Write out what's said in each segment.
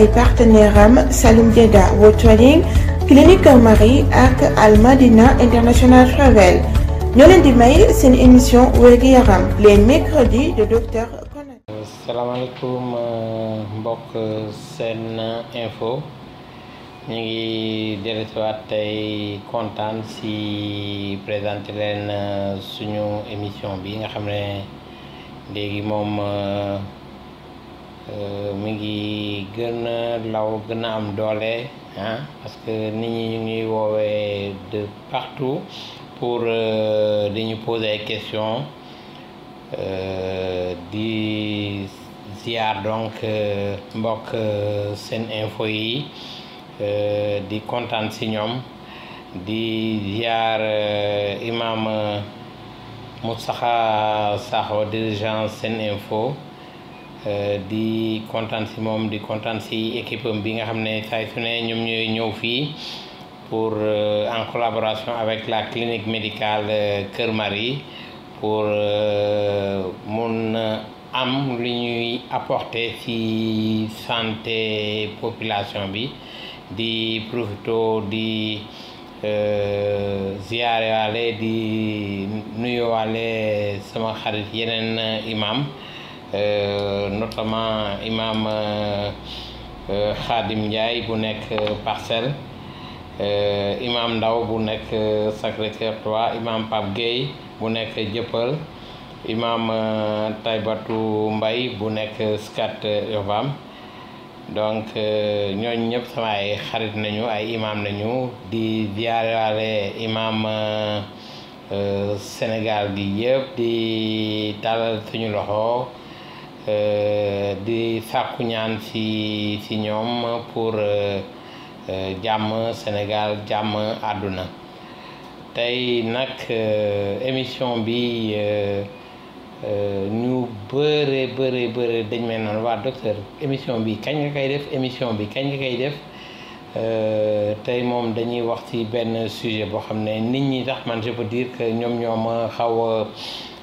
ay partenaire am Saloum Dieda World Trading Clinique Marie ak Almadina International Travel ñoo leen may seen émission wérgu yaram les mercredis de docteur Konaté. Euh, ngi dellusiwaat kontaan si présenté euh, suñu émission bi nga xam ne léegi moom. Euh, Euh, mi ngi gën a law gën a am doole ah, parce que nit ñi ñu ngi woowee de partout pour euh, di ñu poser ay questions euh, di ziar donc mbokk seen info yi di kontaan si ñoom di ziar imam Moustapha Sakho dirigeant seen info Eh, di kontaan si moom di kontaan si équipe bi nga xam ne saay su ne ñoom ñooy ñëw fii pour eh, en collaboration avec la clinique médicale eh, Kër Marie pour mun am lu ñuy apporter ci santé population bi di profito di ziarewaale di nuyuwaale sama xarit yeneen imam Euh, notamment imam euh, euh, Khadim Ndiaye bu nekk Parcelles imam Ndaw bu nekk Sacré-Cœur 3 imam Pape bu nekk Jëppal imam Taybatu Mbay bu nekk Scat Urbam donc ñooñu ñëpp sama ay xarit nañu ay imam nañu di ziyaaraale imam Sénégal gi yëpp di tàllal suñu loxo Eh, di sàkku ñaan ci ci ñoom pour eh, jàmm Sénégal jàmm àdduna tey nag eh, émission bi ñu bëree bëree bëree dañ may naan waa docteur émission bi kañ nga koy def émission bi kañ nga koy def tey moom dañuy wax ci benn sujet boo xam ne nit ñi tax man je peux dire que ñoom ñoo ma xaw a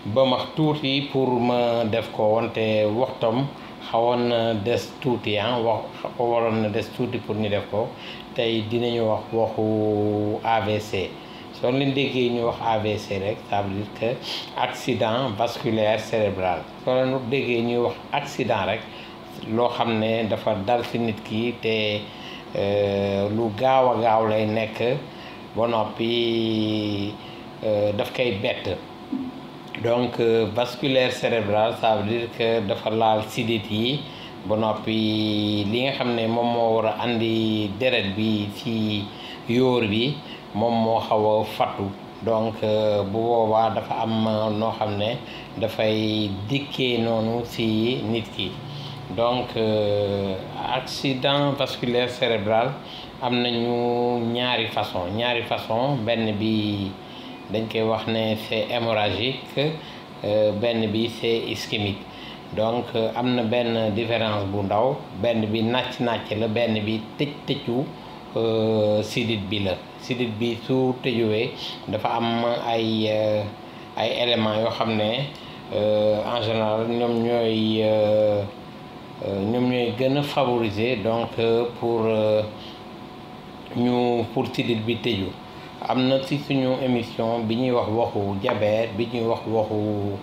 ba max tuuti pour ma def ko wante waxtam xawoon na des tuuti ah wax waroon na des tuuti pour ñu def ko tey dinañu wax waxu AVC soo leen déggee ñu wax abc rek ça veut dire que accident vasculaire cérébral soo leen déggee ñuy wax accident rek loo xam ne dafa dal ci nit ki te euh, lu gaaw a gaaw lay nekk ba noppi euh, daf koy bett donc euh, vasculaire cérébral ça veut dire que dafa laal sidit yi ba noppi li nga xam ne moom moo war a andi deret bi ci yóor bi moom moo xaw a fattu donc euh, bu boobaa dafa am noo xam ne dafay dikkee noonu ci nit ki donc euh, accident vasculaire cérébral am nañu ñaari façon ñaari façon benn bi dañ koy wax ne c'est hémorragique euh, benn bi c'est ischémique donc euh, am na benn différence bu ndaw benn bi nàcc-nàcc la benn bi tëj tëju euh, sidit bi la sidit bi su tëjuwee dafa am ay ay éléments yoo xam ne en général ñoom ñooy ñoom ñooy gën a favoriser donc pour ñu pour sidit bi tëju am na ci suñu émission bi ñuy wax waxu diabète bi ñuy wax waxu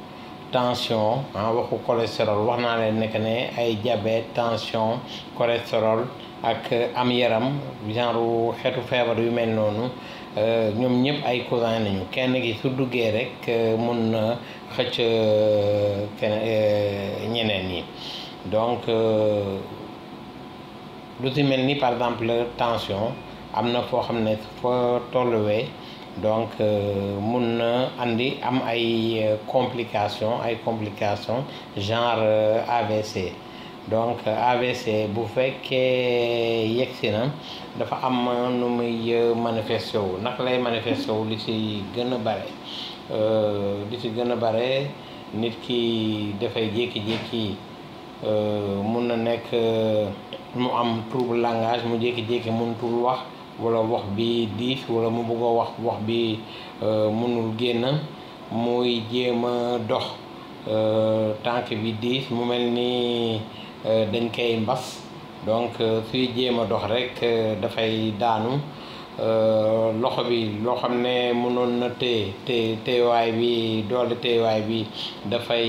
tension ah waxu cholestérol wax naa leen nekk ne ay diabète tension cholestérol ak am yaram genre xeetu feebar yu mel noonu euh, ñoom ñëpp ay cousin nañu kenn ki su duggee rek euh, mun na xëcc euh, ñeneen yi donc lu ci mel ni par exemple tension am na foo xam ne fa tolluwee donc euh, mun na andi am ay euh, complication ay complications genre euh, AVC donc AVC bu fekkee yegsi na dafa am nu muy manifesté wu naka lay manifesté wu lu ci gën a bare li ci gën a bare nit ki dafay jékki-jékki mun na nekk mu am trouble langage mu jékki-jékki mënatul wax. wala wax bi diis wala mu bëgg wax wax bi euh, mënul génn muy jéem a dox euh, tànk bi diis mu mel ni euh, dañ koy mbas donc suy jéem a dox rek dafay daanu loxo bi loo xam ne mënoon na te té téyewaay bi doole teewaay bi dafay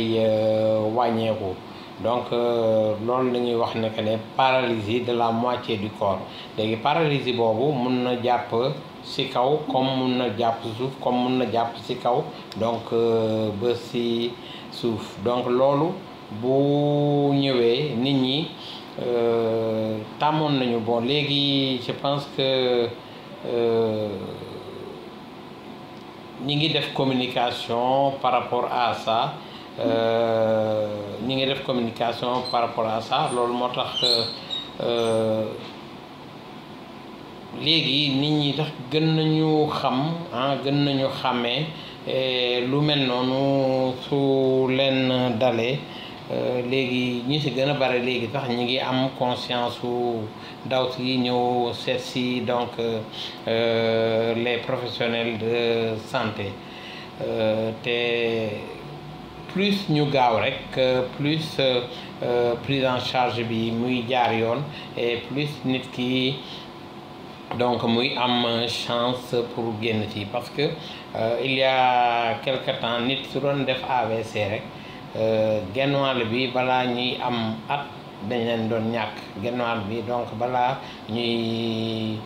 wàññeeku donc euh, noonu la ñuy wax ne que ne paralysie de la moitié du corps léegi paralysie boobu mun na jàpp ci kaw comme mun na jàpp suuf comme mun na jàpp ci kaw donc euh, ba ci suuf donc loolu bu ñëwee nit ñi euh, tàmmoon nañu bon léegi je pense que ñi ngi def communication par rapport à sa Euh, ñi ngi def communication par rapport à ça loolu moo tax euh, léegi nit ñi tax gën nañu xam ah gën nañu xàmmee lu mel noonu su leen dalee euh, léegi ñi si gën a bare léegi sax ñi ngi am conscience su daw si ñëw seet si donc les professionnels de santé te. plus ñu gaaw rek euh, plus euh, euh, prise en charge bi muy jaar yoon e plus nit ki donc muy am chance pour génn ci parce que il y a quelque temps nit su doon def AVC rek genn wàll bi balaa ñuy am at dañ leen doon ñàkk genn bi donc balaa ñuy.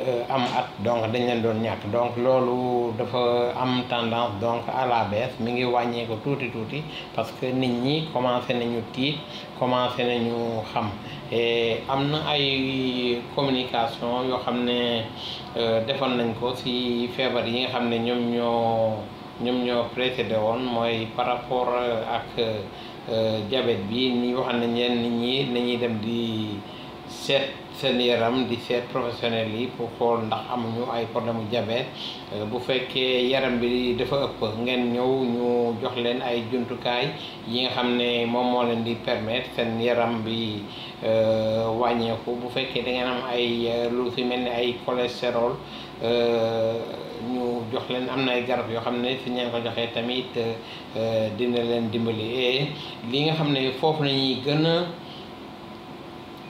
Euh, am at donc dañ leen doon ñàkk donc loolu dafa am tendance donc à la mi ngi wàññeeku tuuti tuuti parce que nit ñi commencé nañu tiit commencé nañu xam et am na ay communication yoo xam ne euh, defoon nañ ko ci feebar yi nga xam ne ñoom ñoo ñoom ñoo précédé woon mooy par rapport euh, ak jabet bi ni waxoon nañ leen nit ñi nañuy dem di seet seen yaram di seet professionnel yi pour xool ndax amuñu ay problème mu diabète bu fekkee yaram bi dafa ëpp ngeen ñëw ñu jox leen ay jumtukaay yi nga xam ne moom moo leen di permettre seen yaram bi euh, wàññeeku bu fekkee da ngeen am ay euh, lu fi mel ni ay cholestérol euh, ñu jox leen am na ay garab yoo xam ne fi ñu ko joxee tamit dina leen dimbali et li nga xam ne foofu la gën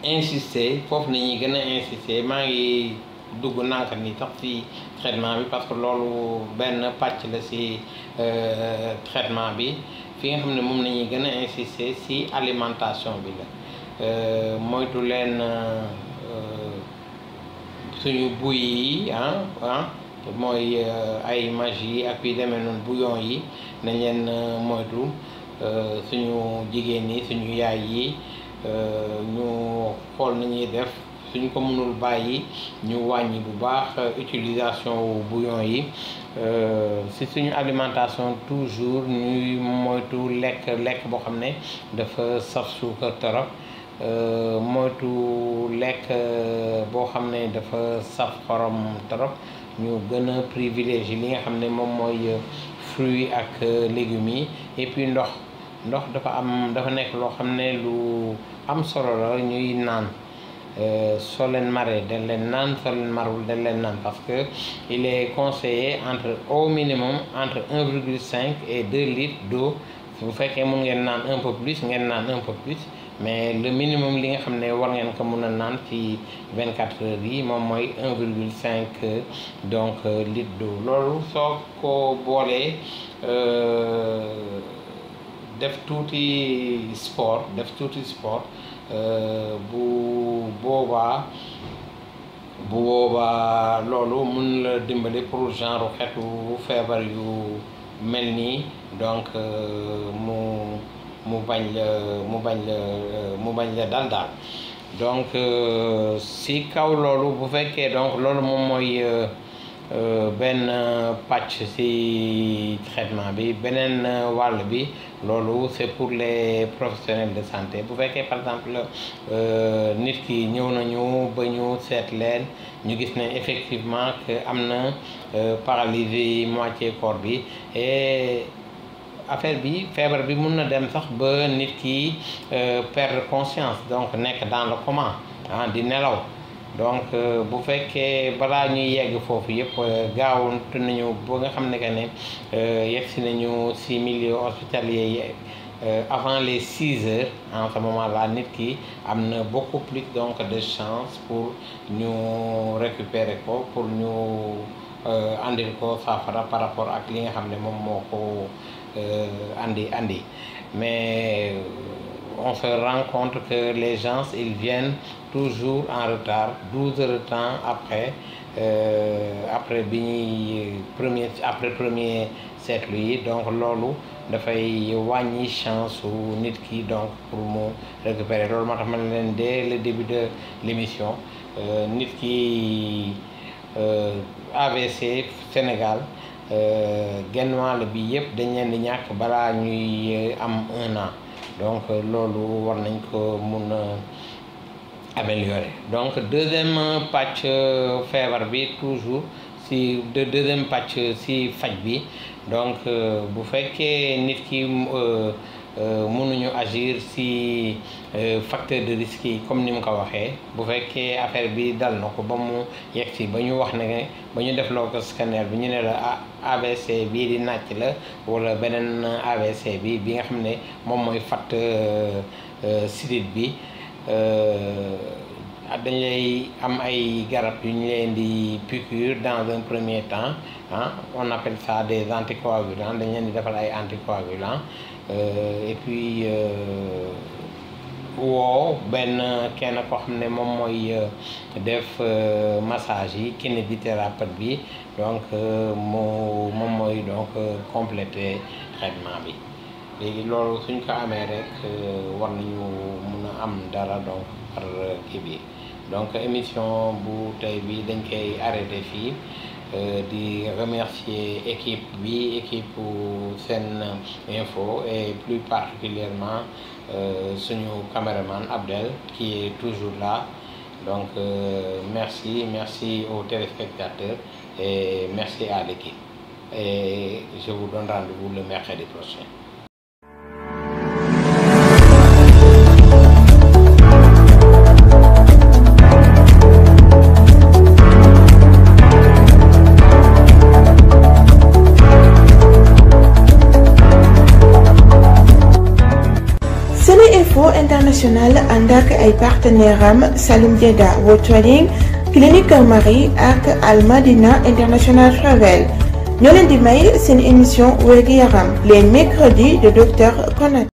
insister foofu la gën a insister maa ngi dugg nanka ni sax ci traitement bi parce que loolu benn pàcc la ci euh, traitement bi fi nga xam ne moom la gën a insister ci alimentation bi la euh, moytu leen euh, suñu buy yi ah, ah mooy ay magi yi ak yu demee noonu bouillon yi nañ leen moytu suñu jigéen yi suñu yaay yi Euh, ñu xool nañuy def suñ ko mënul bàyyi ñu wàññi bu baax utilisation buyon bouillon yi euh, si suñu alimentation toujours ñuy moytu lekk lekk boo xam ne dafa saf suukar torop euh, moytu lekk boo xam ne dafa saf xorom torop ñu gën a yi li nga xam ne moom mooy fruits ak légumes yi et ndox ndox dafa am dafa nekk loo xam ne lu am solo la ñuy naan euh, soo leen maree dañ leen naan soo leen marul dañ leen naan parce que il est conseiller entre au minimum entre 1,5 et 2 litres do bu fekkee mun ngeen naan un peu plus ngeen naan un peu plus mais le minimum li nga xam ne war ngeen ko mun a naan ci vingt 24 heures yi moom mooy cinq euh, donc euh, litre do loolu soo ko boolee. def tuuti sport def tuuti sport euh, bu boobaa bu boobaa loolu mun la dimbali pour genre xeetu feebar yu mel nii donc euh, mu mu bañ la mu bañ la mu bañ la dal daal donc euh, si kaw loolu bu fekkee donc loolu moom mooy benn pàcc ci traitement bi beneen wàll bi loolu c'est pour les professionnels de santé bu fekkee par exemple euh, nit ki ñëw nañu ba ñu seet leen ñu gis ne effectivement que am na euh, paralysie moitié corps bi et affaire bi feebar bi mun na dem sax ba nit ki euh, perdre conscience donc nekk dans le comment ah di nelaw donc euh, bu fekkee balaa ñuy yegg foofu yëpp euh, gaawantu nañu ba nga xam ne que ne euh, yegg si nañu si milieu hospitalier yi avant les six heures en ce moment là nit ki am na beaucoup plus donc de chance pour ñu récupérer ko pour ñu andil ko saafara par rapport ak li nga xam ne moom moo ko andi andi mais. on se rend compte que les gens, ils viennent toujours en retard, 12 heures de temps après, euh, après bi premier après premier siècle yi donc loolu dafay wàññi chance su nit ki donc pour mu récupérer loolu moo tax ma ne leen de le début de l'émission euh, nit ki euh, AVC Sénégal euh, genn wàll bi yëpp dañ leen di ñàkk balaa ñuy euh, am un an. donc euh, loolu war nañ ko mun a améliorer donc deuxième pàcc euh, feebar bi toujours si de deuxième pàcc si faj bi donc euh, bu fekkee nit ki Euh, mënuñu agir si euh, facteur de risque yi comme ni mu ko waxee bu fekkee affaire bi dal na ko ba mu yegg si ba ñu wax ne ba ñu def loo ko scanner bi ñu ne la AVC ah, bii di nàcc la wala beneen AVC bi bi nga xam ne moom mooy fatt euh, sidit bi dañu lay am ay garab yu ñu leen di piqûre dans un premier temps ah on appelle ça des anticoagulants dañu leen di defal ay anticoagulants euh, et puis euh, woo benn kenn ko xam ne moom mooy euh, def massage yi kinésithérapeute bi donc moo moom mooy donc compléter traitement bi léegi loolu suñ ko amee rek war nañu mun a am dara donc par kii bi donc émission bu tey bi dañ koy arrêté fii euh, di remercier équipe bi équipe Sen Info et plus particulièrement euh, suñu caméraman Abdel qui est toujours là donc euh, merci merci au téléspectateurs et merci à l'équipe et je vous donne rendez le mercredi prochain national ànd ak ay partenaire am Salim Dieda World Trading Clinique Marie ak Al Madina International Travel ñoo leen di may seen émission wér-gu-yaram les mercredis de docteur Konaté